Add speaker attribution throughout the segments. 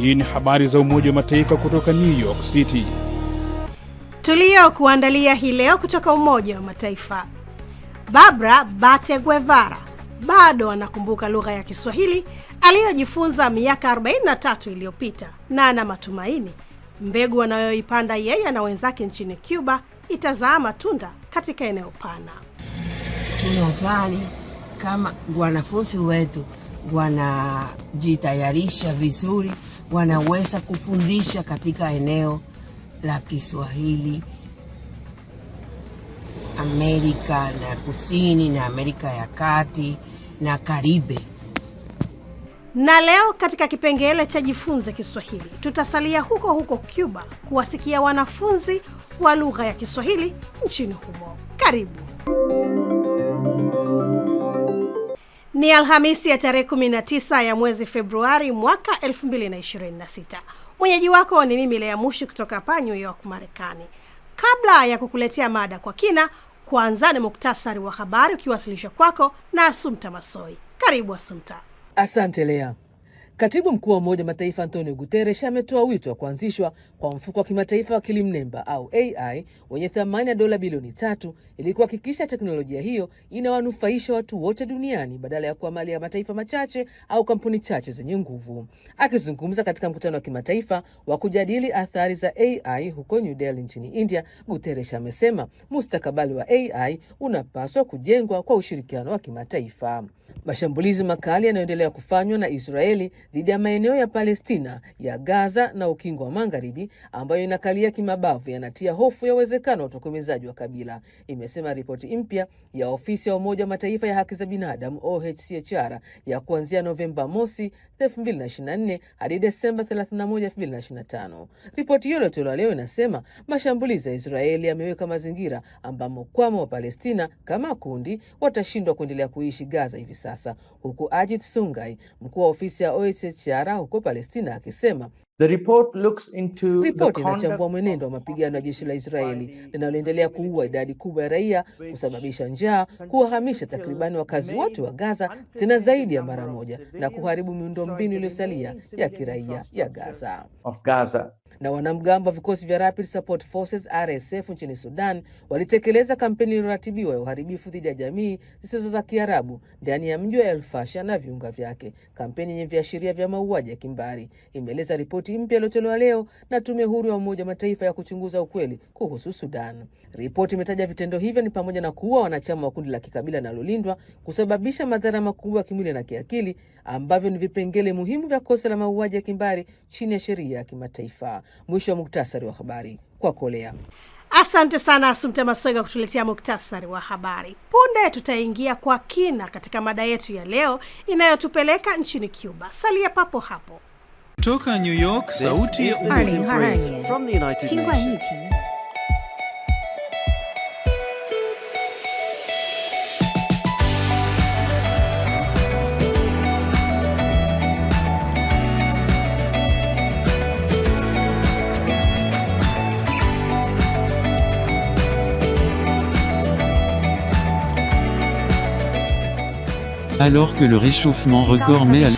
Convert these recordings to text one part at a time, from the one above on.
Speaker 1: Hii ni habari za Umoja wa Mataifa kutoka New York City
Speaker 2: tuliyokuandalia hii leo kutoka Umoja wa Mataifa. Barbara Bateguevara bado anakumbuka lugha ya Kiswahili aliyojifunza miaka 43 iliyopita na ana matumaini mbegu anayoipanda yeye na wenzake nchini Cuba itazaa matunda katika eneo pana.
Speaker 3: Tunadhani kama wanafunzi wetu wanajitayarisha vizuri wanaweza kufundisha katika eneo la Kiswahili Amerika na Kusini na Amerika ya Kati na Karibe.
Speaker 2: Na leo katika kipengele cha jifunze Kiswahili tutasalia huko huko Cuba kuwasikia wanafunzi wa lugha ya Kiswahili nchini humo. Karibu. Ni Alhamisi ya tarehe 19 ya mwezi Februari mwaka 2026. Mwenyeji wako ni mimi Lea Mushu kutoka hapa New York, Marekani. Kabla ya kukuletea mada kwa kina, kwanza ni muktasari wa habari ukiwasilishwa kwako na Asumta Masoi. Karibu Asumta.
Speaker 4: Asante Lea. Katibu mkuu wa Umoja Mataifa Antonio Guterres ametoa wito wa kuanzishwa kwa mfuko wa kimataifa wa akili mnemba au AI wenye thamani ya dola bilioni tatu ili kuhakikisha teknolojia hiyo inawanufaisha watu wote duniani badala ya kuwa mali ya mataifa machache au kampuni chache zenye nguvu. Akizungumza katika mkutano wa kimataifa wa kujadili athari za AI huko New Delhi nchini India, Guterres amesema mustakabali wa AI unapaswa kujengwa kwa ushirikiano wa kimataifa. Mashambulizi makali yanayoendelea kufanywa na Israeli dhidi ya maeneo ya Palestina ya Gaza na Ukingo wa Magharibi ambayo inakalia kimabavu yanatia hofu ya uwezekano wa utokomezaji wa kabila, imesema ripoti mpya ya ofisi ya Umoja wa Mataifa ya haki za binadamu OHCHR ya kuanzia Novemba mosi 2024 hadi Desemba 31, 2025. Ripoti hiyo iliyotolewa leo inasema mashambulizi ya Israeli yameweka mazingira ambamo kwamo wa Palestina kama kundi watashindwa kuendelea kuishi Gaza hivi sasa, huku Ajit Sungai, mkuu wa ofisi ya OHCHR huko Palestina,
Speaker 5: akisema The report looks into ripoti
Speaker 4: inachambua mwenendo wa mapigano ya jeshi la Israeli linaloendelea kuua idadi kubwa ya raia, kusababisha njaa, kuwahamisha takribani wakazi wote wa Gaza tena zaidi ya mara moja, na kuharibu miundombinu iliyosalia ya kiraia ya Gaza of Gaza na wanamgambo wa vikosi vya Rapid Support Forces RSF nchini Sudan walitekeleza kampeni iliyoratibiwa ya uharibifu dhidi ya jamii zisizo za Kiarabu ndani ya mji wa El Fasha na viunga vyake, kampeni yenye viashiria vya mauaji ya kimbari, imeeleza ripoti mpya iliyotolewa leo na tume huru ya Umoja Mataifa ya kuchunguza ukweli kuhusu Sudan. Ripoti imetaja vitendo hivyo ni pamoja na kuua wanachama wa kundi la kikabila linalolindwa, kusababisha madhara makubwa ya kimwili na kiakili, ambavyo ni vipengele muhimu vya kosa la mauaji ya kimbari chini ya sheria ya kimataifa. Mwisho wa muktasari wa habari kwa
Speaker 2: kolea. Asante sana Asumta Masoga kutuletea muktasari wa habari. Punde tutaingia kwa kina katika mada yetu ya leo inayotupeleka nchini Cuba. Salia papo
Speaker 1: hapo. Kutoka New York,
Speaker 6: sauti ya
Speaker 2: alors que le réchauffement record met à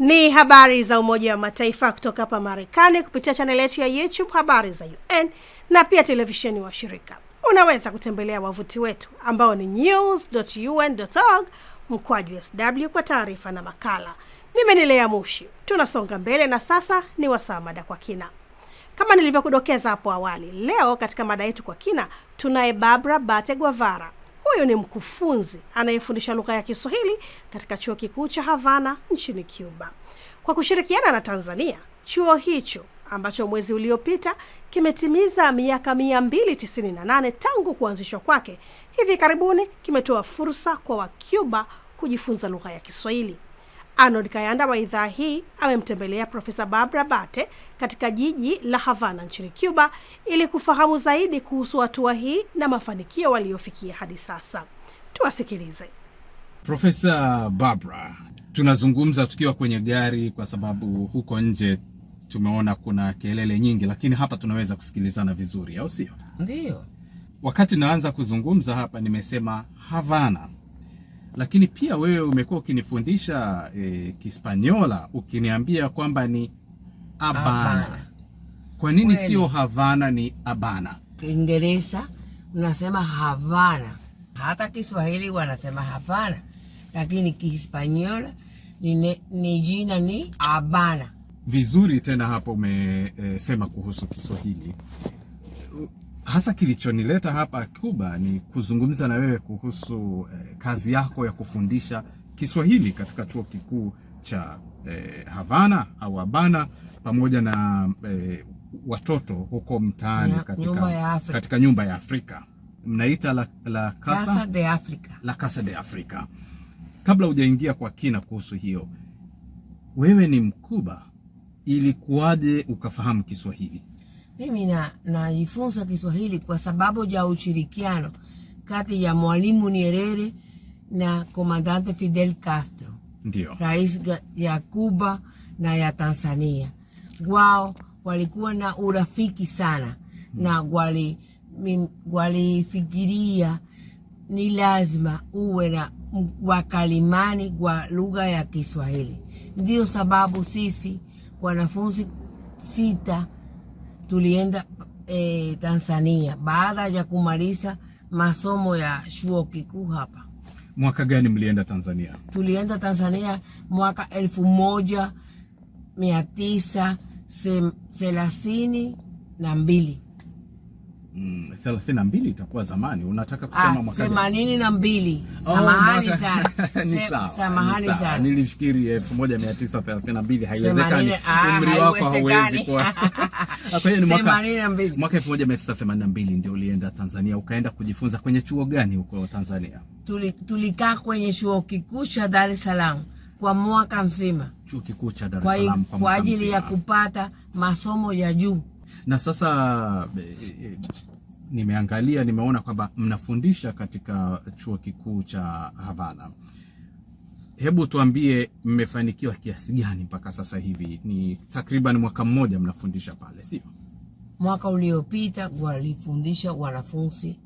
Speaker 2: ni habari za Umoja wa Mataifa kutoka hapa Marekani kupitia YouTube za UN na pia Unaweza kutembelea wavuti wetu ambao ni news.un.org mkwaju sw kwa taarifa na makala. Mimi ni Lea Mushi. Tunasonga mbele na sasa ni wasaa mada kwa kina. Kama nilivyokudokeza hapo awali, leo katika mada yetu kwa kina tunaye Barbara Bate Guavara. Huyu ni mkufunzi anayefundisha lugha ya Kiswahili katika chuo kikuu cha Havana nchini Cuba. Kwa kushirikiana na Tanzania, chuo hicho ambacho mwezi uliopita kimetimiza miaka 298 tangu kuanzishwa kwake. Hivi karibuni kimetoa fursa kwa Wacuba kujifunza lugha ya Kiswahili. Arnold Kayanda wa idhaa hii amemtembelea Profesa Barbara Bate katika jiji la Havana nchini Cuba ili kufahamu zaidi kuhusu hatua hii na mafanikio waliofikia hadi sasa. Tuwasikilize.
Speaker 7: Profesa Barbara, tunazungumza tukiwa kwenye gari kwa sababu huko nje tumeona kuna kelele nyingi, lakini hapa tunaweza kusikilizana vizuri, au sio? Ndio. Wakati naanza kuzungumza hapa nimesema Havana, lakini pia wewe umekuwa ukinifundisha e, Kispanyola ukiniambia kwamba ni Abana, Kwa nini sio Havana ni Abana?
Speaker 3: Kiingereza unasema Havana, hata Kiswahili wanasema Havana, lakini Kihispanyola ni, ni jina ni Abana
Speaker 7: vizuri tena hapo umesema eh, e, kuhusu Kiswahili hasa kilichonileta hapa Cuba ni kuzungumza na wewe kuhusu e, kazi yako ya kufundisha Kiswahili katika chuo kikuu cha e, Havana au Habana pamoja na e, watoto huko mtaani
Speaker 3: katika nyumba, katika nyumba ya Afrika
Speaker 7: mnaita la, la casa, casa
Speaker 3: de Africa. La Casa de Africa.
Speaker 7: Kabla hujaingia kwa kina kuhusu hiyo, wewe ni Mkuba ilikuwaje ukafahamu Kiswahili?
Speaker 3: Mimi na najifunza Kiswahili kwa sababu ya ushirikiano kati ya Mwalimu Nyerere na Komandante Fidel Castro, ndio rais ya Cuba na ya Tanzania. Wao walikuwa na urafiki sana hmm, na walifikiria wali ni lazima uwe na wakalimani kwa lugha ya Kiswahili. Ndio sababu sisi wanafunzi sita tulienda eh, Tanzania baada ya kumaliza masomo ya chuo kikuu hapa.
Speaker 7: Mwaka gani mlienda Tanzania?
Speaker 3: Tulienda Tanzania mwaka elfu moja mia tisa thelathini na mbili
Speaker 7: thelathini na mbili itakuwa zamani. Unataka ah, kusema mwaka themanini
Speaker 3: na mbili. Oh, Samahani sana.
Speaker 7: Samahani sana. Nilifikiri eh, elfu moja mia tisa thelathini na mbili haiwezekani. Umri wako hauwezi kuwa. Kwa hiyo ni mwaka elfu moja mia tisa themanini na mbili ndio ulienda Tanzania ukaenda kujifunza kwenye chuo gani huko
Speaker 3: Tanzania? Tulikaa kwenye chuo kikuu cha Dar es Salaam kwa mwaka mzima.
Speaker 7: Chuo kikuu cha Dar es Salaam kwa ajili
Speaker 3: ya kupata masomo ya juu na sasa
Speaker 7: eh, eh, nimeangalia, nimeona kwamba mnafundisha katika chuo kikuu cha Havana. Hebu tuambie mmefanikiwa kiasi gani mpaka sasa hivi? Ni takriban mwaka mmoja mnafundisha pale, sio?
Speaker 3: Mwaka uliopita walifundisha wanafunzi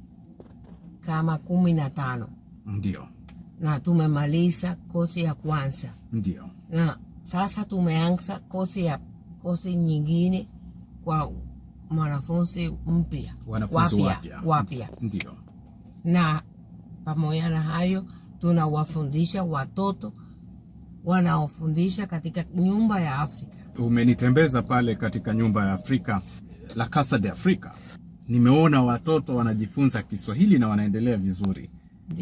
Speaker 3: kama kumi na tano ndio, na tumemaliza kosi ya kwanza ndio, na sasa tumeanza kosi ya kosi nyingine kwa mwanafunzi mpya wapya wapya, ndio. Na pamoja na hayo tunawafundisha watoto wanaofundisha katika nyumba ya Afrika.
Speaker 7: Umenitembeza pale katika nyumba ya Afrika la Casa de Africa, nimeona watoto wanajifunza Kiswahili na wanaendelea vizuri.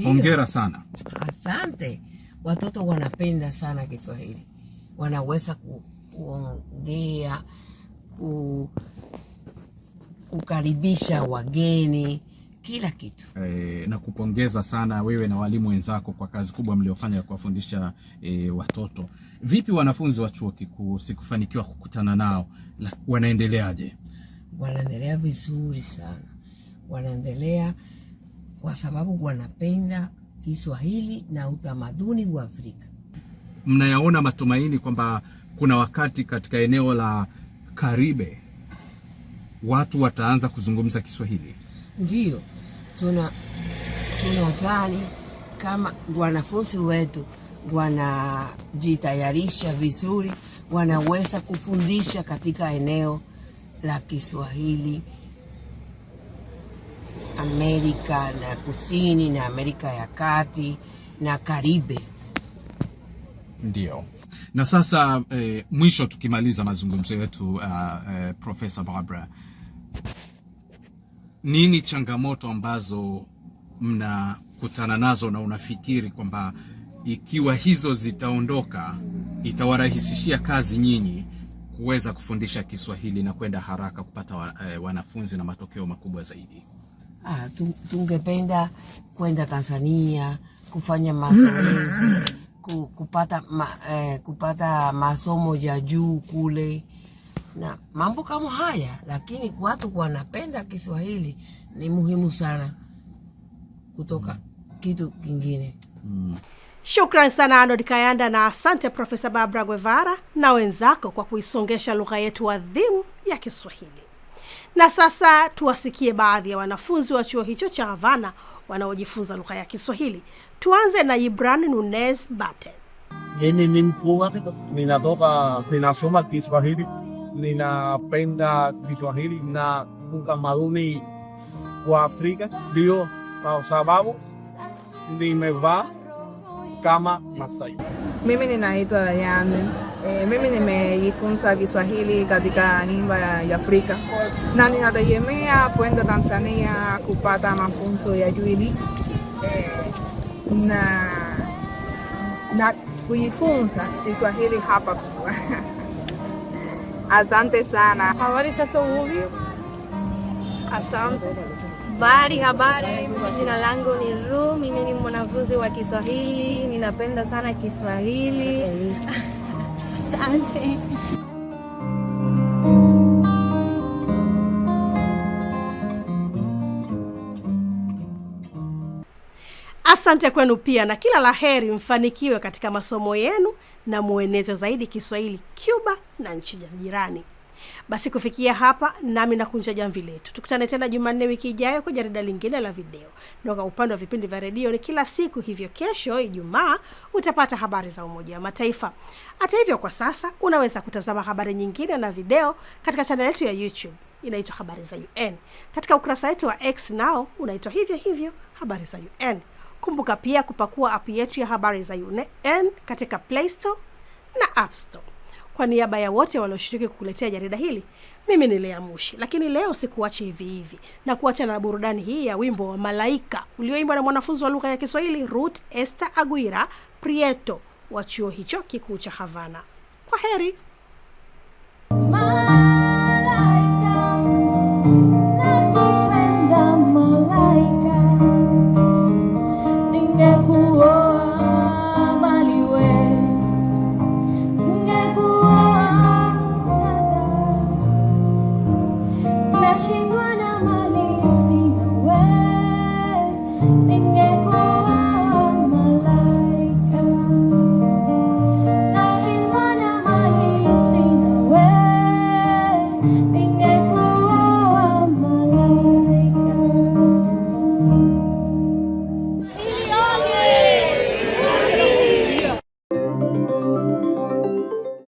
Speaker 7: Hongera sana, asante.
Speaker 3: Watoto wanapenda sana Kiswahili, wanaweza kuongea ku, kukaribisha wageni kila kitu e,
Speaker 7: na kupongeza sana wewe na walimu wenzako kwa kazi kubwa mliofanya ya kuwafundisha e, watoto. Vipi wanafunzi wa chuo kikuu, sikufanikiwa kukutana nao, wanaendeleaje?
Speaker 3: Wanaendelea vizuri sana, wanaendelea kwa sababu wanapenda Kiswahili na utamaduni wa Afrika.
Speaker 7: Mnayaona matumaini kwamba kuna wakati katika eneo la Karibe watu wataanza kuzungumza Kiswahili.
Speaker 3: ndio tuna tunadhani kama wanafunzi wetu wanajitayarisha vizuri, wanaweza kufundisha katika eneo la Kiswahili Amerika na Kusini na Amerika ya Kati na Karibe.
Speaker 7: ndio na sasa eh, mwisho tukimaliza mazungumzo yetu uh, eh, Profesa Barbara, nini changamoto ambazo mnakutana nazo na unafikiri kwamba ikiwa hizo zitaondoka itawarahisishia kazi nyinyi kuweza kufundisha Kiswahili na kwenda haraka kupata wa, eh, wanafunzi na matokeo makubwa zaidi?
Speaker 3: Ah, tungependa kwenda Tanzania kufanya mazoezi kupata, ma, eh, kupata masomo ya juu kule na mambo kama haya, lakini watu wanapenda Kiswahili ni muhimu sana kutoka kitu kingine mm.
Speaker 2: Shukran sana Arnold Kayanda na asante Profesa Barbara Guevara na wenzako kwa kuisongesha lugha yetu adhimu ya Kiswahili. Na sasa tuwasikie baadhi ya wanafunzi wa chuo hicho cha Havana wanaojifunza lugha ya Kiswahili. Tuanze na Ibran Nunes Bate. Mimi
Speaker 8: ni mkua, ninatoka, ninasoma Kiswahili, ninapenda Kiswahili na utamaduni wa Afrika, ndio kwa sababu nimevaa kama Masai. Mimi
Speaker 9: ninaitwa Diane. E, mimi nimejifunza Kiswahili katika nyumba ya Afrika na ninategemea kwenda Tanzania kupata mafunzo ya juidi. E, na na kujifunza Kiswahili hapa. Asante sana. Habari sasa
Speaker 10: uvi. Asante. Bari habari, jina langu ni Ru, mimi ni mwanafunzi wa Kiswahili, ninapenda sana Kiswahili. Asante.
Speaker 2: Asante kwenu pia na kila laheri, mfanikiwe katika masomo yenu na mueneze zaidi Kiswahili Cuba na nchi jirani. Basi kufikia hapa, nami nakunja jamvi letu. Tukutane tena Jumanne wiki ijayo kwa jarida lingine la video, ndoka upande wa vipindi vya redio ni kila siku, hivyo kesho Ijumaa utapata habari za Umoja wa Mataifa. Hata hivyo, kwa sasa unaweza kutazama habari nyingine na video katika chaneli yetu ya YouTube inaitwa Habari za UN, katika ukurasa wetu wa X nao unaitwa hivyo hivyo Habari za UN. Kumbuka pia kupakua app yetu ya habari za UoN katika Play Store na App Store. Kwa niaba ya wote walioshiriki kukuletea jarida hili, mimi ni Lea Mushi, lakini leo sikuachi hivi hivi na kuacha na burudani hii ya wimbo wa Malaika ulioimbwa na mwanafunzi wa lugha ya Kiswahili Ruth Esther Aguira Prieto wa chuo hicho kikuu cha Havana. Kwa heri.